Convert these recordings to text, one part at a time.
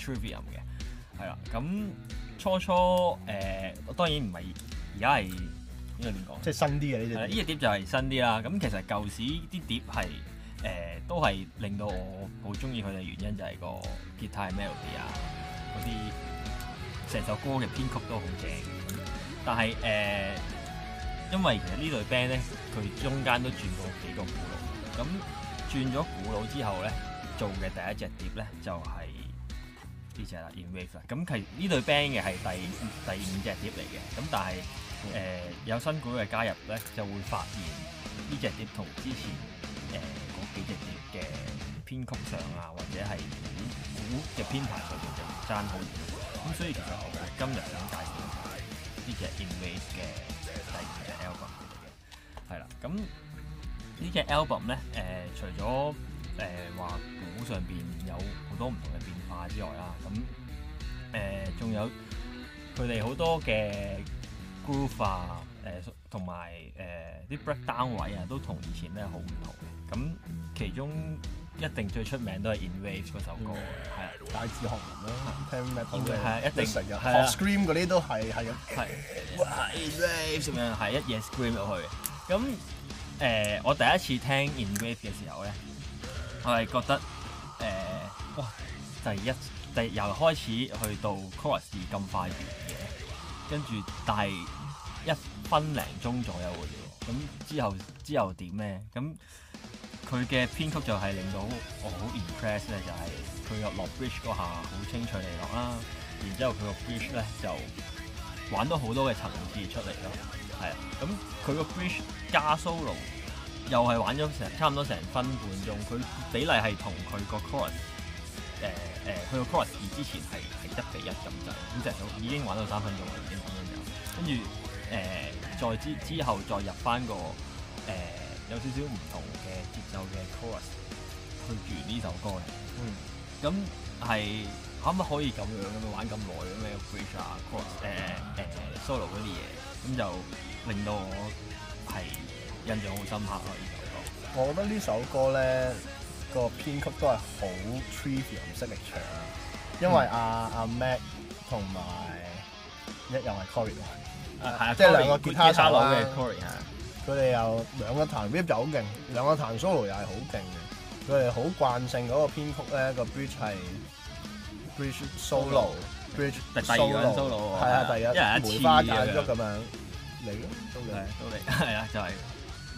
Trivium 嘅係啦，咁初初誒、呃，當然唔係而家係應該點講？即係新啲嘅呢隻碟，呢隻碟就係新啲啦。咁其實舊時啲碟係誒、呃、都係令到我好中意佢嘅原因，就係、是、個吉他 melody 啊，嗰啲成首歌嘅編曲都好正。但係誒、呃，因為其實這呢隊 band 咧，佢中間都轉過幾個鼓佬。咁轉咗鼓佬之後咧，做嘅第一隻碟咧就係、是。呢隻啦，In Wave 啦，咁其實呢對 band 嘅係第第五隻碟嚟嘅，咁但係誒、呃、有新鼓嘅加入咧，就會發現呢隻碟同之前誒嗰、呃、幾隻碟嘅編曲上啊，或者係鼓鼓嘅編排上面就唔爭好遠。咁所以其實我哋今日想介紹嘅係呢隻 In Wave 嘅第二隻 album 嚟嘅，係啦，咁呢隻 album 咧誒除咗誒話鼓上邊有好多唔同嘅變化之外啦，咁誒仲有佢哋好多嘅 groove 化同埋誒啲 breakdown 位啊，都同以前咧好唔同嘅。咁其中一定最出名的都係 In Waves 嗰首歌，係、嗯、啊，大志學唔啦，一定成日，學 scream 嗰啲都係係咁係。In Waves 咁樣係一夜 scream 落去。咁誒、呃，我第一次聽 In Waves 嘅時候咧。我係覺得誒、呃，哇！第一第一由開始去到 chorus 咁快完嘅，跟住但係一分零鐘左右嘅啫喎，咁之後之後點咧？咁佢嘅編曲就係令到我好 impress 咧，就係佢個落 bridge 嗰下好清脆利落啦，然之後佢個 bridge 咧就玩到好多嘅層次出嚟咯，係啊，咁佢個 bridge 加 solo。又係玩咗成差唔多成分半鐘，佢比例係同佢個 chorus 誒誒去 chorus 二之前係係一比一咁滯，咁隻手已經玩到三分鐘啦，已經咁樣就跟住誒再之之後再入翻個誒、呃、有少少唔同嘅節奏嘅 chorus 去住呢首歌嚟。嗯，咁、嗯、係可唔可以咁樣咁樣玩咁耐嘅咩 bridge 啊 chorus 誒、呃呃、solo 嗰啲嘢，咁就令到我係。印象好深刻啊！呢首歌，我覺得呢首歌咧個編曲都係好 Trivium，唔識力唱啊！因為阿阿 Matt 同埋一又係 Corey 啊，係啊，即係兩個吉他手佬嘅！Corey 啊，佢哋又兩個彈 riff 又好勁，兩個彈 solo 又係好勁嘅。佢哋好慣性嗰個編曲咧，個 bridge 係 bridge solo，bridge solo，係啊，第一，梅花間竹咁樣嚟咯，都嚟，都嚟，係啊，就係。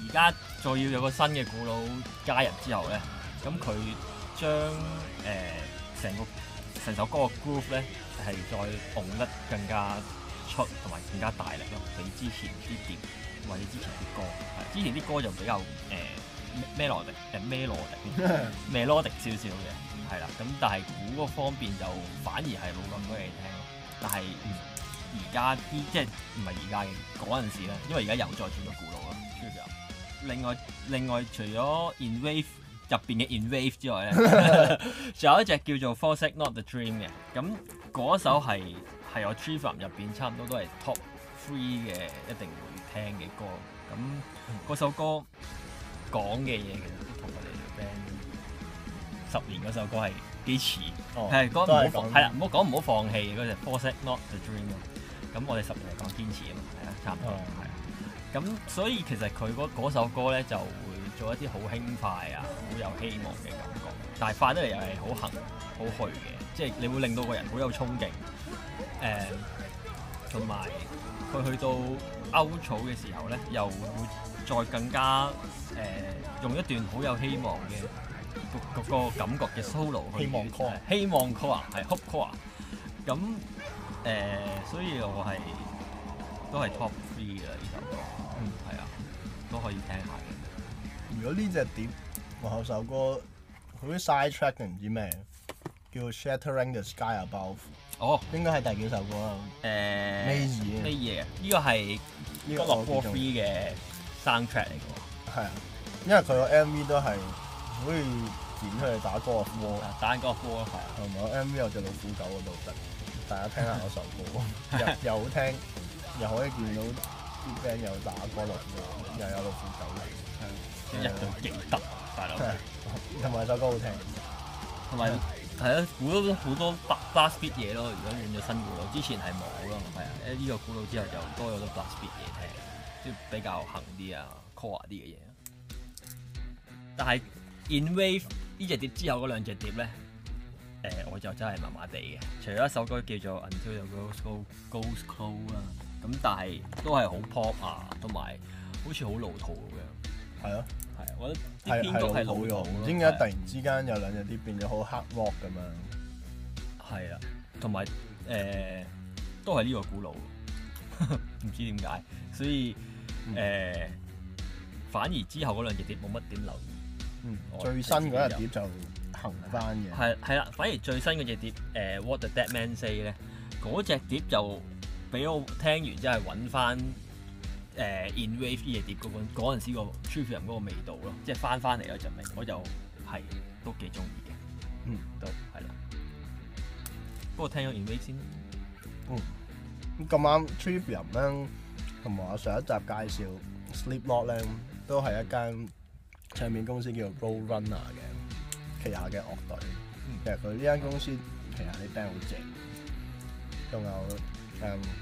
而家再要有個新嘅鼓佬加入之後咧，咁佢將成、呃、個成首歌嘅 groove 咧係再 o 得更加出同埋更加大力咯，比之前啲碟或者之前啲歌，之前啲歌就比較咩羅迪咩羅迪咩羅迪少少嘅，係、呃、啦，咁、呃、 但係鼓嗰方面就反而係冇咁多嘢聽咯。但係而家啲即係唔係而家嘅嗰陣時咧，因為而家又再轉咗鼓佬啦，就係另外另外除咗 In Waves 入邊嘅 In Waves 之外咧，仲有一隻叫做 Forsake Not The Dream 嘅。咁嗰首係係我 Trivium 入邊差唔多都係 Top Three 嘅，一定會聽嘅歌。咁嗰首歌講嘅嘢其實同我哋 band 十年嗰首歌係幾似。係講唔好係啦，唔好講唔好放棄嗰隻 Forsake Not The Dream 啊。咁我哋十年嚟講堅持啊嘛，係啊，差唔多係啊。咁所以其實佢嗰首歌咧就會做一啲好輕快啊，好有希望嘅感覺。但係快得嚟又係好行好去嘅，即係你會令到個人好有衝勁。誒、呃，同埋佢去到 outro 嘅時候咧，又會再更加誒、呃、用一段好有希望嘅個,個感覺嘅 solo 去。希望 core，希望 core，係、呃、hope core。咁誒、呃，所以我係都係 top。啲嘅呢首歌，嗯，係啊，都可以聽下嘅。如果呢隻碟，我後首歌佢啲 side track 定唔知咩，叫 Shattering the Sky Above。哦，應該係第幾首歌啊？誒、呃，咩嘢？咩嘢啊？呢個係《The Love for Three》嘅 soundtrack 嚟嘅。係啊，因為佢個 MV 都係好似剪出嚟打歌啊，打緊歌啊，係啊。同埋 MV 有隻老虎狗嗰度，得大家聽下嗰首歌， 又又好聽，又可以見到。 啲 b 又打歌落，又有六副手嘅，又一對勁得，大佬，同埋首歌好聽，同埋，係啊，估到好多 blast beat 嘢咯。如果轉咗新鼓後，之前係冇咯，係啊，呢個鼓到之後就多咗啲 blast beat 嘢聽，即比較行啲啊，core 啲嘅嘢。但係 In Waves 呢隻碟之後嗰兩隻碟咧，誒、呃、我就真係麻麻地嘅，除咗一首歌叫做《Until the World Goes Cold》啊。咁、嗯、但係都係好 pop 啊，同埋好似好老土嘅，係咯、啊，係，我覺得啲編曲係老土。點解突然之間有兩隻碟變咗好 hard rock 咁樣？係啊，同埋誒都係呢個古老，唔 知點解。所以誒、嗯呃，反而之後嗰兩隻碟冇乜點留意。嗯，最新嗰隻碟就行翻嘅。係係啦，反而最新嗰隻碟誒、呃、What the Dead Man Say 咧，嗰隻碟就。俾我聽完之後揾翻誒 In Waves 呢碟，嗰款嗰陣時個 Trivium 嗰個味道咯，即係翻翻嚟嗰陣味，我就係都幾中意嘅。嗯，都係啦。不過聽咗 In Waves 先，嗯咁啱 Trivium 啦，同埋我上一集介紹 Slipknot 咧，都係一間唱片公司叫 Roadrunner 嘅旗下嘅樂隊。嗯、其實佢呢間公司旗下啲 band 好正，仲有嗯。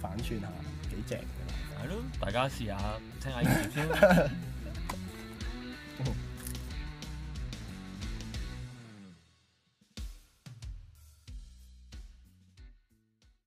反串下幾正㗎啦，係咯，大家試下聽下意見先。